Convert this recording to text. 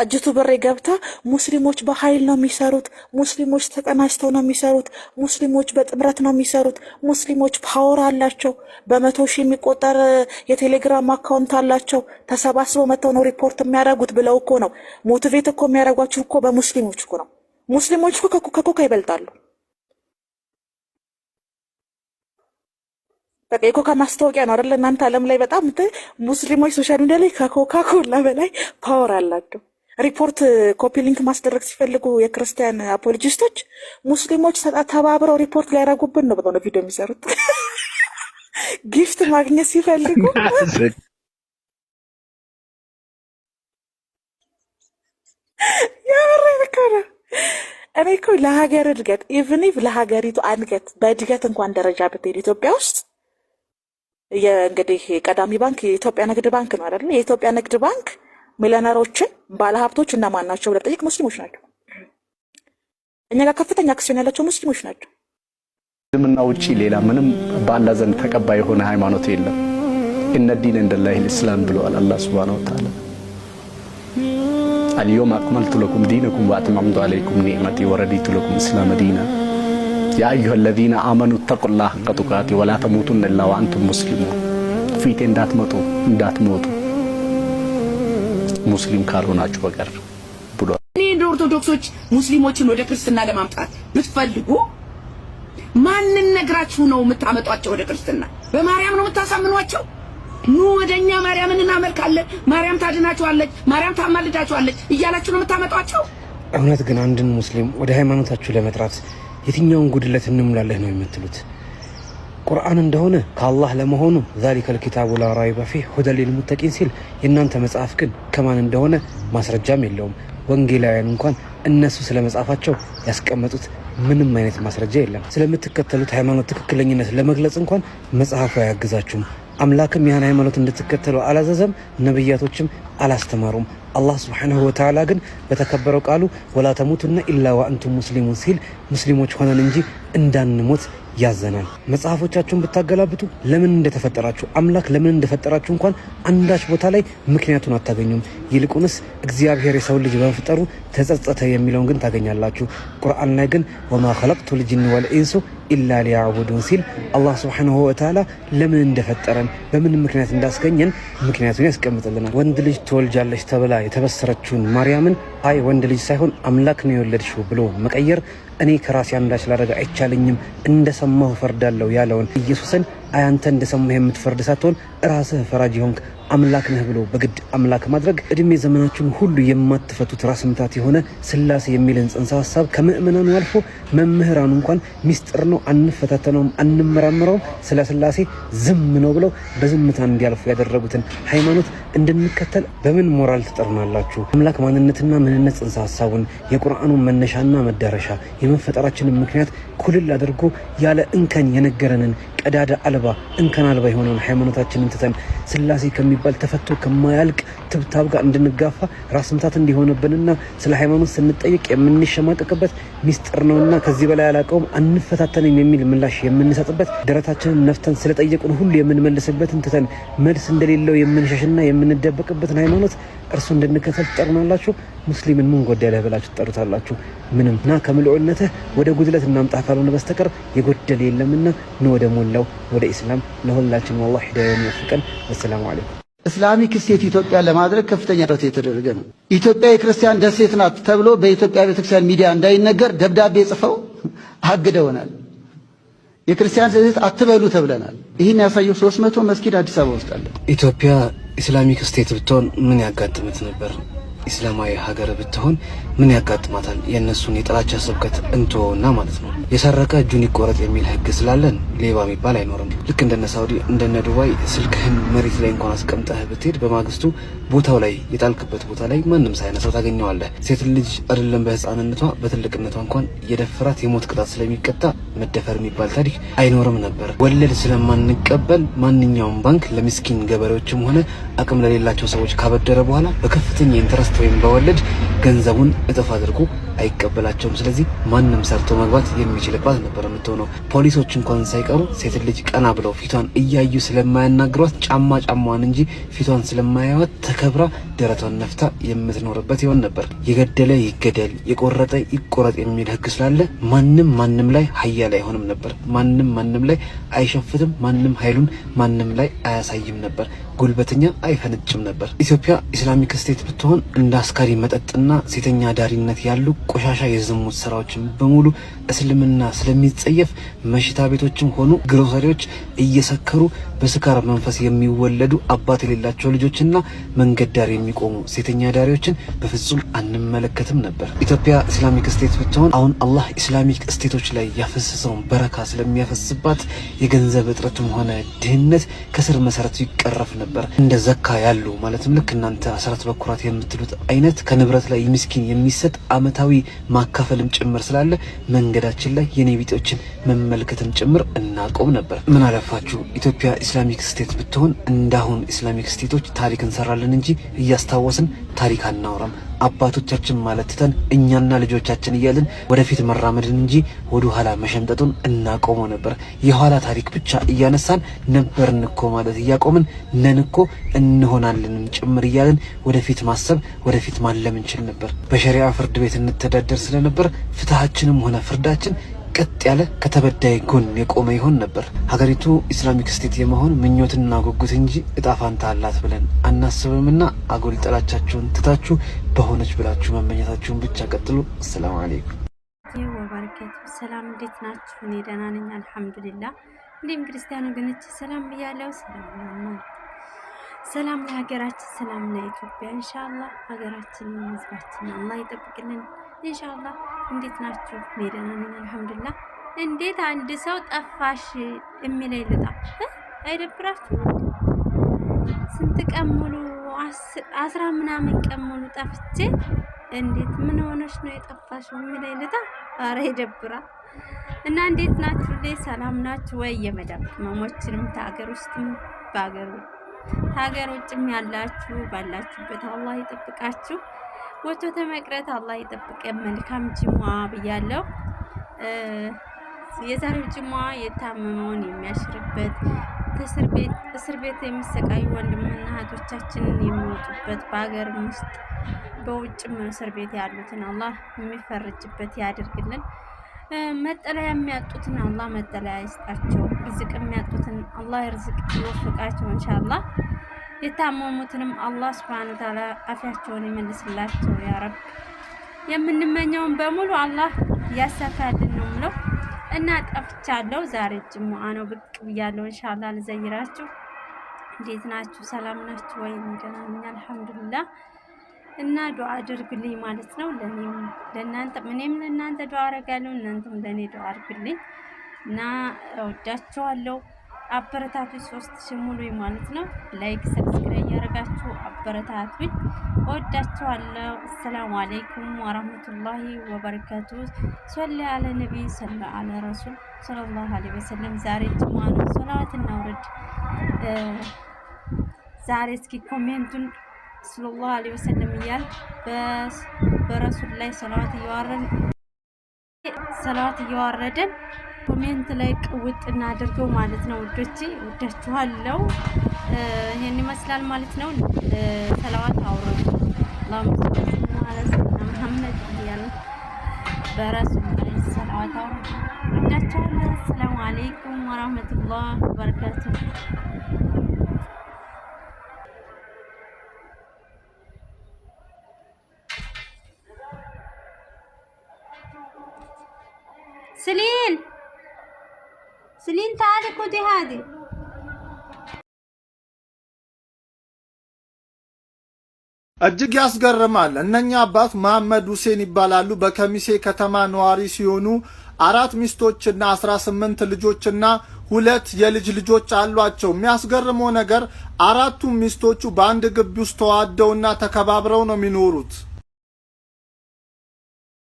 ጠጅቱ ብሬ ገብታ ሙስሊሞች በኃይል ነው የሚሰሩት፣ ሙስሊሞች ተቀናጅተው ነው የሚሰሩት፣ ሙስሊሞች በጥምረት ነው የሚሰሩት፣ ሙስሊሞች ፓወር አላቸው፣ በመቶ ሺህ የሚቆጠር የቴሌግራም አካውንት አላቸው፣ ተሰባስበው መጥተው ነው ሪፖርት የሚያደርጉት ብለው እኮ ነው ሞቲቬት እኮ የሚያደርጓችሁ እኮ በሙስሊሞች እኮ ነው። ሙስሊሞች እኮ ከኮካ ይበልጣሉ። በቃ የኮካ ማስታወቂያ ነው አይደለ? እናንተ አለም ላይ በጣም ሙስሊሞች ሶሻል ሚዲያ ላይ ከኮካ ኮላ በላይ ፓወር አላቸው። ሪፖርት ኮፒ ሊንክ ማስደረግ ሲፈልጉ የክርስቲያን አፖሎጂስቶች ሙስሊሞች ተባብረው ሪፖርት ሊያደርጉብን ነው ብለው ነው ቪዲዮ የሚሰሩት። ጊፍት ማግኘት ሲፈልጉ ያበራ ይልካለ። እኔ እኮ ለሀገር እድገት ኢቭኒቭ ለሀገሪቱ አንገት በእድገት እንኳን ደረጃ ብትሄድ ኢትዮጵያ ውስጥ እንግዲህ ቀዳሚ ባንክ የኢትዮጵያ ንግድ ባንክ ነው አይደለ? የኢትዮጵያ ንግድ ባንክ ሚሊዮነሮችን ባለሀብቶች እነማን ናቸው ብለህ ጠይቅ፣ ሙስሊሞች ናቸው። እኛ ጋር ከፍተኛ አክሲዮን ያላቸው ሙስሊሞች ናቸው። እስልምና ውጪ ሌላ ምንም በአላ ዘንድ ተቀባይ የሆነ ሃይማኖት የለም። እነዲን እንደላሂል ኢስላም ብለዋል አላህ ሱብሃነሁ ወተዓላ። አልዮም አክመልቱ ለኩም ዲነኩም ወአትመምቱ አለይኩም ኒዕመቲ ወረዲቱ ለኩም ኢስላመ ዲና ያ አዩሃ ለዚነ አመኑ ተቁላህ ሐቀ ቱቃቲ ወላ ተሙቱን ኢላ ወአንቱም ሙስሊሙን። ፊቴ እንዳትመጡ እንዳትሞቱ ሙስሊም ካልሆናችሁ በቀር ብሏል። እኔ እንደ ኦርቶዶክሶች ሙስሊሞችን ወደ ክርስትና ለማምጣት ብትፈልጉ ማንን ነግራችሁ ነው የምታመጧቸው? ወደ ክርስትና በማርያም ነው የምታሳምኗቸው? ኑ ወደኛ ማርያምን እናመልካለን፣ ማርያም ታድናችኋለች፣ ማርያም ታማልዳችኋለች እያላችሁ ነው የምታመጧቸው። እውነት ግን አንድን ሙስሊም ወደ ሃይማኖታችሁ ለመጥራት የትኛውን ጉድለት እንሙላለህ ነው የምትሉት? ቁርአን እንደሆነ ከአላህ ለመሆኑ ዛሊከ ልኪታቡ ላ ራይበ ፊህ ሁደን ሊልሙተቂን ሲል የእናንተ መጽሐፍ ግን ከማን እንደሆነ ማስረጃም የለውም። ወንጌላውያን እንኳን እነሱ ስለ መጽሐፋቸው ያስቀመጡት ምንም አይነት ማስረጃ የለም። ስለምትከተሉት ሃይማኖት ትክክለኝነት ለመግለጽ እንኳን መጽሐፉ አያግዛችሁም። አምላክም ያን ሃይማኖት እንድትከተሉ አላዘዘም፣ ነቢያቶችም አላስተማሩም። አላህ ስብሓንሁ ወተዓላ ግን በተከበረው ቃሉ ወላ ተሙቱና ኢላ ወአንቱም ሙስሊሙን ሲል ሙስሊሞች ሆነን እንጂ እንዳንሞት ያዘናል። መጽሐፎቻችሁን ብታገላብጡ ለምን እንደተፈጠራችሁ አምላክ ለምን እንደፈጠራችሁ እንኳን አንዳች ቦታ ላይ ምክንያቱን አታገኙም። ይልቁንስ እግዚአብሔር የሰው ልጅ በመፍጠሩ ተጸጸተ የሚለውን ግን ታገኛላችሁ። ቁርአን ላይ ግን ወማ ኸለቅቱ ልጅኒ ወልኢንሱ ኢላ ሊያዕቡዱን ሲል አላህ ስብሓንሁ ወተዓላ ለምን እንደፈጠረን በምን ምክንያት እንዳስገኘን ምክንያቱን ያስቀምጥልናል። ወንድ ልጅ ትወልጃለች ተብላ የተበሰረችውን ማርያምን አይ ወንድ ልጅ ሳይሆን አምላክ ነው የወለድሽው ብሎ መቀየር እኔ ከራሴ አንዳች ላደረግ አይቻለኝም እንደሰማሁ ፈርዳለሁ ያለውን ኢየሱስን አያንተ እንደሰማ እንደሰማህ የምትፈርድ ሳትሆን ራስህ ፈራጅ ይሆንክ አምላክ ነህ ብሎ በግድ አምላክ ማድረግ እድሜ ዘመናችሁን ሁሉ የማትፈቱት ራስ ምታት የሆነ ስላሴ የሚልን ጽንሰ ሀሳብ ከምእመናኑ አልፎ መምህራኑ እንኳን ሚስጥር ነው፣ አንፈታተነውም፣ አንመራምረውም ስለ ስላሴ ዝም ነው ብለው በዝምታ እንዲያልፉ ያደረጉትን ሃይማኖት እንድንከተል በምን ሞራል ትጠርናላችሁ? አምላክ ማንነትና ምንነት ጽንሰ ሀሳቡን የቁርአኑን መነሻና መዳረሻ የመፈጠራችንን ምክንያት ኩልል አድርጎ ያለ እንከን የነገረንን ቀዳዳ አልባ እንከን አልባ የሆነውን ሃይማኖታችንን ትተን ስላሴ ከሚባል ተፈቶ ከማያልቅ ትብታብ ጋር እንድንጋፋ ራስ ምታት እንዲሆንብንና ስለ ሃይማኖት ስንጠይቅ የምንሸማቀቅበት ሚስጥር ነውና ከዚህ በላይ አላውቀውም አንፈታተንም የሚል ምላሽ የምንሰጥበት ደረታችንን ነፍተን ስለጠየቁን ሁሉ የምንመልስበትን ትተን መልስ እንደሌለው የምንሸሽና የምንደበቅበትን ሃይማኖት እርሱ እንድንከተል ትጠሩናላችሁ። ሙስሊምን ምን ጎደለህ ብላችሁ ትጠሩታላችሁ። ምንም ና ከምልዑነትህ ወደ ጉድለት እናምጣ ካልሆነ በስተቀር የጎደል የለምና ን ወደ ሞላው ወደ ኢስላም ለሁላችን ወላሂ ሂዳያን የሚወፍቀን። ወሰላሙ አለይኩም እስላሚክ ስቴት ኢትዮጵያ ለማድረግ ከፍተኛ ጥረት የተደረገ ነው። ኢትዮጵያ የክርስቲያን ደሴት ናት ተብሎ በኢትዮጵያ ቤተክርስቲያን ሚዲያ እንዳይነገር ደብዳቤ ጽፈው አግደውናል። የክርስቲያን ደሴት አትበሉ ተብለናል። ይህን ያሳየው ሶስት መቶ መስጊድ አዲስ አበባ ውስጥ አለ። ኢትዮጵያ ኢስላሚክ ስቴት ብትሆን ምን ያጋጥምት ነበር? ኢስላማዊ ሀገር ብትሆን ምን ያጋጥማታል? የእነሱን የጥላቻ ስብከት እንተወውና ማለት ነው። የሰረቀ እጁን ይቆረጥ የሚል ህግ ስላለን ሌባ የሚባል አይኖርም። ልክ እንደነ ሳውዲ እንደነ ዱባይ ስልክህን መሬት ላይ እንኳን አስቀምጠህ ብትሄድ በማግስቱ ቦታው ላይ የጣልክበት ቦታ ላይ ማንም ሳይነሳው ታገኘዋለህ። ሴት ልጅ አይደለም በህፃንነቷ በትልቅነቷ እንኳን የደፈራት የሞት ቅጣት ስለሚቀጣ መደፈር የሚባል ታሪክ አይኖርም ነበር። ወለድ ስለማንቀበል ማንኛውም ባንክ ለሚስኪን ገበሬዎችም ሆነ አቅም ለሌላቸው ሰዎች ካበደረ በኋላ በከፍተኛ ኢንትረስት ወይም በወለድ ገንዘቡን እጥፍ አድርጎ አይቀበላቸውም። ስለዚህ ማንም ሰርቶ መግባት የሚችልባት ነበር የምትሆነው። ፖሊሶች እንኳን ሳይቀሩ ሴት ልጅ ቀና ብለው ፊቷን እያዩ ስለማያናግሯት ጫማ ጫማዋን እንጂ ፊቷን ስለማያዩት ተከብራ ደረቷን ነፍታ የምትኖርበት ይሆን ነበር። የገደለ ይገደል፣ የቆረጠ ይቆረጥ የሚል ህግ ስላለ ማንም ማንም ላይ ሀያል አይሆንም ነበር። ማንም ማንም ላይ አይሸፍትም። ማንም ኃይሉን ማንም ላይ አያሳይም ነበር። ጉልበተኛ አይፈነጭም ነበር። ኢትዮጵያ ኢስላሚክ ስቴት ብትሆን እንደ አስካሪ መጠጥና ሴተኛ ዳሪነት ያሉ ቆሻሻ የዝሙት ስራዎችን በሙሉ እስልምና ስለሚጸየፍ መሽታ ቤቶችም ሆኑ ግሮሰሪዎች እየሰከሩ በስካር መንፈስ የሚወለዱ አባት የሌላቸው ልጆችና መንገድ ዳር የሚቆሙ ሴተኛ ዳሪዎችን በፍጹም አንመለከትም ነበር። ኢትዮጵያ ኢስላሚክ ስቴት ብትሆን አሁን አላህ ኢስላሚክ ስቴቶች ላይ ያፈሰሰውን በረካ ስለሚያፈስባት የገንዘብ እጥረትም ሆነ ድህነት ከስር መሰረቱ ይቀረፍ ነበር። እንደ ዘካ ያሉ ማለትም ልክ እናንተ አስራት በኩራት የምትሉት አይነት ከንብረት ላይ ምስኪን የሚሰጥ አመታዊ ማካፈልም ጭምር ስላለ መንገዳችን ላይ የኔ ቢጤዎችን መመልከትም ጭምር እናቆም ነበር። ምን አለፋችሁ ኢትዮጵያ ኢስላሚክ ስቴት ብትሆን እንዳሁን ኢስላሚክ ስቴቶች ታሪክ እንሰራለን እንጂ እያስታወስን ታሪክ አናውራም። አባቶቻችን ማለት ትተን እኛና ልጆቻችን እያልን ወደፊት መራመድን እንጂ ወደ ኋላ መሸምጠጡን እናቆመው ነበር። የኋላ ታሪክ ብቻ እያነሳን ነበርን እኮ ማለት እያቆምን ነን እኮ እንሆናለንም ጭምር እያልን ወደፊት ማሰብ ወደፊት ማለም እንችል ነበር። በሸሪያ ፍርድ ቤት እንተዳደር ስለነበር ፍትሃችንም ሆነ ፍርዳችን ቀጥ ያለ ከተበዳይ ጎን የቆመ ይሆን ነበር። ሀገሪቱ ኢስላሚክ ስቴት የመሆን ምኞትና ጉጉት እንጂ እጣ ፋንታ አላት ብለን አናስብምና አጉል ጥላቻችሁን ትታችሁ በሆነች ብላችሁ መመኘታችሁን ብቻ ቀጥሉ። አሰላሙ አሌይኩም ሰላም እንዴት ናችሁ? እኔ ደህና ነኝ አልሐምዱሊላ። እንዲሁም ክርስቲያኑ ግንች ሰላም ብያለው። ሰላም ሰላም ለሀገራችን፣ ሰላም ለኢትዮጵያ። ኢንሻአላህ ሀገራችንን፣ ህዝባችን አላህ ይጠብቅልን። እንሻላ እንዴት ናችሁ? እኔ ደህና ነኝ እንዴት አንድ ሰው ጠፋሽ የሚለኝ ልጣ አይደብራችሁ? ስንት ቀን ሙሉ አስራ ምናምን ቀን ሙሉ ጠፍቼ እንዴት ምን ሆነሽ ነው የጠፋሽ የሚለኝ ልጣ፣ አረ ይደብራ እና እንዴት ናችሁ? ሰላም ናችሁ ወይ? የመዳብ ቅመሞችንም ታገር ውስጥም በአገር ውጭም ያላችሁ ባላችሁበት አላህ ይጠብቃችሁ። ወጥቶ ተመቅረት አላህ የጠብቀን። መልካም ጅማ ብያለሁ። የዛሬው ጅማ የታመመውን የሚያሽርበት እስር ቤት የሚሰቃዩ ወንድምና እህቶቻችንን የሚወጡበት በሀገር ውስጥ በውጭም እስር ቤት ያሉትን አላህ የሚፈርጅበት ያድርግልን። መጠለያ የሚያጡትን አላህ መጠለያ ይስጣቸው። ርዝቅ የሚያጡትን አላህ ርዝቅ ይወፍቃቸው። እንሻላ የታመሙትንም አላህ ስብሐነ ወተዓላ አፊያቸውን ይመልስላቸው ያረብ። የምንመኘውን በሙሉ አላህ ያሳካልን ነው የምለው እና ጠፍቻለሁ። ዛሬ ጅሙዓ ነው ብቅ ብያለሁ። ኢንሻአላህ ልዘይራችሁ። እንዴት ናችሁ? ሰላም ናችሁ ወይ? ደህና ነኝ አልሐምዱሊላህ። እና ዱዓ አድርግልኝ ማለት ነው። ለኔም ለእናንተ እኔም ለእናንተ ዱዓ አረጋለሁ፣ እናንተም ለእኔ ዱዓ አድርግልኝ እና እወዳችኋለሁ። አበረታቶች ሶስት ሺህ ሙሉ ማለት ነው። ላይክ ሰብስክራይብ እያደረጋችሁ አበረታቶች ወዳችኋለሁ። አሰላሙ አለይኩም ወራህመቱላሂ ወበረከቱ። ሶሊ አለ ነቢ ሰለ አለ ረሱል ሰለላሁ ዐለይሂ ወሰለም። ዛሬ ጅማ ነው። ሶላዋትና ውረድ ዛሬ እስኪ ኮሜንቱን ሰለላሁ ዐለይሂ ወሰለም እያል በረሱል ላይ ሰላዋት እያወረድን ኮሜንት ላይ ቅውጥ እናድርገው ማለት ነው ውዶቼ፣ ወዳችኋለሁ። ይሄን ይመስላል ማለት ነው። ሰላዋት አውረዱ ለሙሐመድ እያለ በራሱ ሰላዋት አሰላሙ ወራህመቱላህ ወበረካቱ። سليم تعالي خدي هادي እጅግ ያስገርማል። እነኛ አባት መሐመድ ሁሴን ይባላሉ። በከሚሴ ከተማ ነዋሪ ሲሆኑ አራት ሚስቶችና አስራ ስምንት ልጆችና ሁለት የልጅ ልጆች አሏቸው። የሚያስገርመው ነገር አራቱም ሚስቶቹ በአንድ ግቢ ውስጥ ተዋደውና ተከባብረው ነው የሚኖሩት።